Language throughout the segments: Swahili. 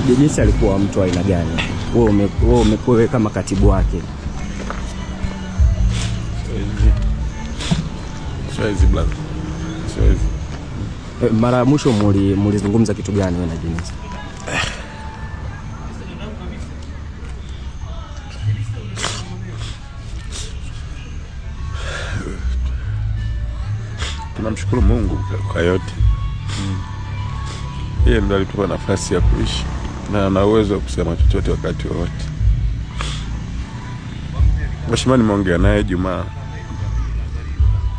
Jejesi alikuwa mtu aina gani? Wewe umekuwa kama katibu wake. Eh, mara ya mwisho mulizungumza kitu gani wewe na Jenice? Tunamshukuru Mungu kwa yote. Hmm. Yeye mm, ndiye alitupa nafasi ya kuishi na ana uwezo kusema chochote wakati wowote. Mheshimiwa nimeongea naye Jumaa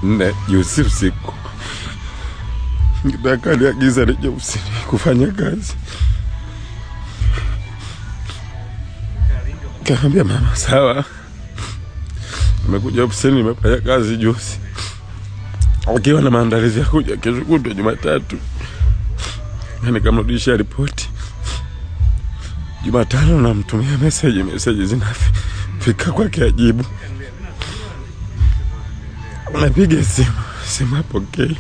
nne juzi usiku, kitakaaliagiza nije ofisini kufanya kazi, kaambia mama sawa, amekuja ofisini, nimefanya kazi juzi akiwa na maandalizi ya kuja kesho kutwa Jumatatu, nikamrudishia ripoti Jumatano namtumia meseji, meseji zinafika kwake ajibu, unapiga simu simu apokei.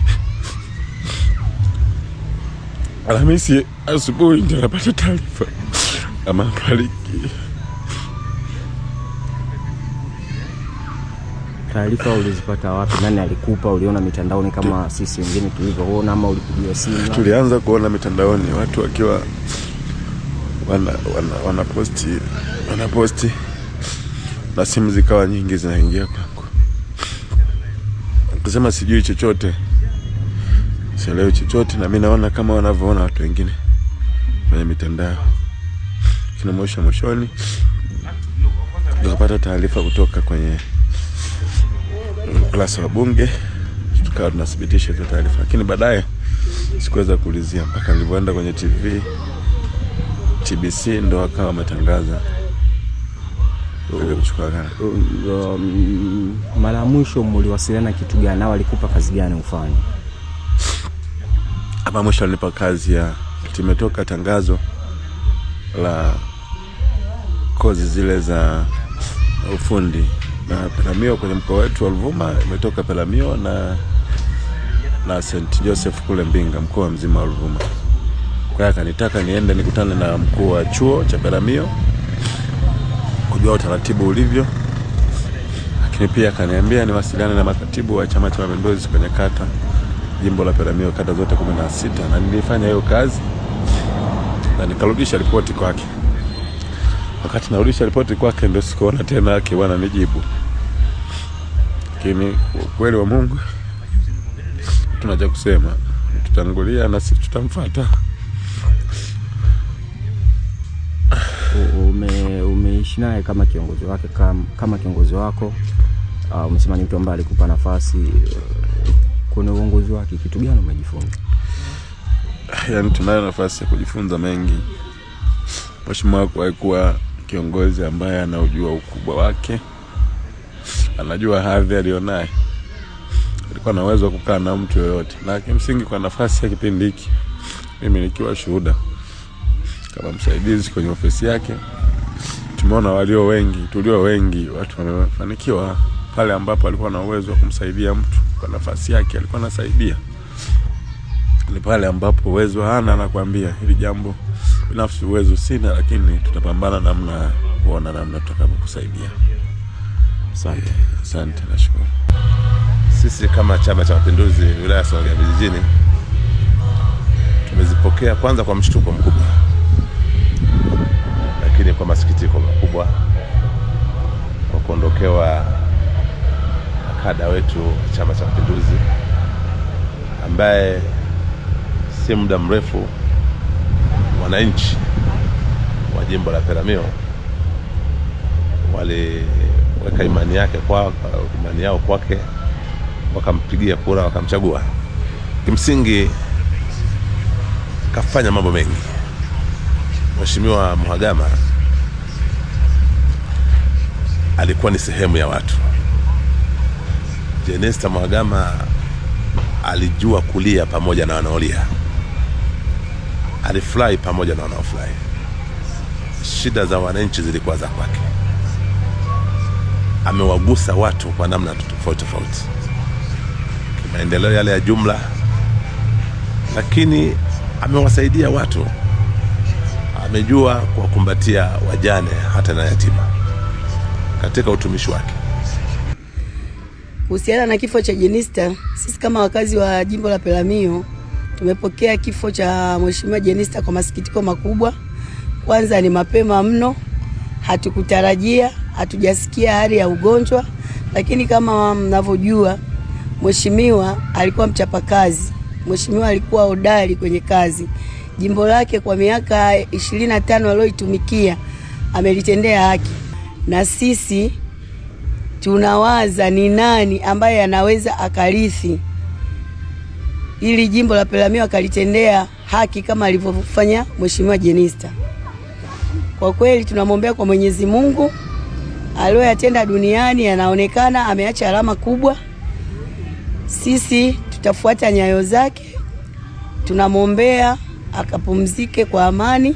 Alhamisi asubuhi ndio napata taarifa amefariki. Taarifa ulizipata wapi? Nani alikupa? Uliona mitandaoni kama sisi wengine tulivyoona, ama ulipigiwa simu? Tulianza kuona mitandaoni watu wakiwa wanaposti wana, wana wanaposti na simu zikawa nyingi zinaingia kwangu, kusema sijui chochote, sielewi chochote, na mi naona kama wanavyoona watu wengine kwenye mitandao. Kina mwisho mwishoni tukapata taarifa kutoka kwenye klasa wa Bunge, tukawa tunathibitisha hizo taarifa, lakini baadaye sikuweza kuulizia mpaka nilivyoenda kwenye TV. TBC ndo akawa ametangaza oh, um, mara ya mwisho mliwasiliana kitu gani na walikupa kazi gani ufanye? Hapa mwisho alinipa kazi ya, timetoka tangazo la kozi zile za ufundi na Pelamio kwenye mkoa wetu wa Ruvuma, imetoka Pelamio na na St Joseph kule Mbinga, mkoa mzima wa Ruvuma. Kwa hiyo akanitaka niende nikutane na mkuu wa chuo cha Peramiho kujua utaratibu ulivyo, lakini pia akaniambia niwasiliane na makatibu wa Chama cha Mapinduzi kwenye kata jimbo la Peramiho, kata zote kumi na sita, na nilifanya hiyo kazi na nikarudisha ripoti kwake. Wakati narudisha ripoti kwake, ndio sikuona tena bwana nijibu. lakini kweli wa Mungu tunaja kusema tutangulia na sisi tutamfuata. kuishi naye kama kiongozi wake, kama, kama kiongozi wako uh, umesema ni mtu ambaye alikupa nafasi uh, kuna uongozi wake, kitu gani umejifunza? Yani tunayo nafasi ya kujifunza mengi. Mheshimiwa wako alikuwa kiongozi ambaye anaujua ukubwa wake, anajua hadhi alionaye, alikuwa na uwezo wa kukaa na mtu yoyote, na kimsingi kwa nafasi ya kipindi hiki, mimi nikiwa shuhuda kama msaidizi kwenye ofisi yake tumeona walio wengi, tulio wengi, watu wamefanikiwa pale ambapo alikuwa na uwezo wa kumsaidia mtu kwa nafasi yake, alikuwa anasaidia. Ni pale ambapo uwezo hana, anakuambia hili jambo binafsi uwezo sina, lakini tutapambana namna kuona namna tutakavyokusaidia. Asante, asante, nashukuru. Sisi kama Chama cha Mapinduzi wilaya ya Songea vijijini tumezipokea kwanza kwa mshtuko mkubwa kwa masikitiko makubwa kwa kuondokewa kada wetu wa Chama cha Mapinduzi ambaye si muda mrefu wananchi wa jimbo la Peramiho waliweka imani yake kwa imani yao kwake, wakampigia kura, wakamchagua. Kimsingi kafanya mambo mengi Mheshimiwa Mhagama alikuwa ni sehemu ya watu. Jenista Mhagama alijua kulia pamoja na wanaolia, alifurahi pamoja na wanaofurahi. Shida za wananchi zilikuwa za kwake, amewagusa watu kwa namna tofauti tofauti, kimaendeleo yale ya jumla, lakini amewasaidia watu, amejua kuwakumbatia wajane hata na yatima katika utumishi wake. Kuhusiana na kifo cha Jenista, sisi kama wakazi wa jimbo la Peramiho tumepokea kifo cha Mheshimiwa Jenista kwa masikitiko makubwa. Kwanza ni mapema mno, hatukutarajia, hatujasikia hali ya ugonjwa, lakini kama mnavyojua, mheshimiwa alikuwa mchapakazi, mheshimiwa alikuwa hodari kwenye kazi. Jimbo lake kwa miaka ishirini na tano aliyoitumikia amelitendea haki na sisi tunawaza ni nani ambaye anaweza akarithi ili jimbo la Peramiho akalitendea haki kama alivyofanya Mheshimiwa Jenista. Kwa kweli tunamwombea kwa Mwenyezi Mungu, aliyoyatenda duniani yanaonekana, ameacha alama kubwa. Sisi tutafuata nyayo zake, tunamwombea akapumzike kwa amani.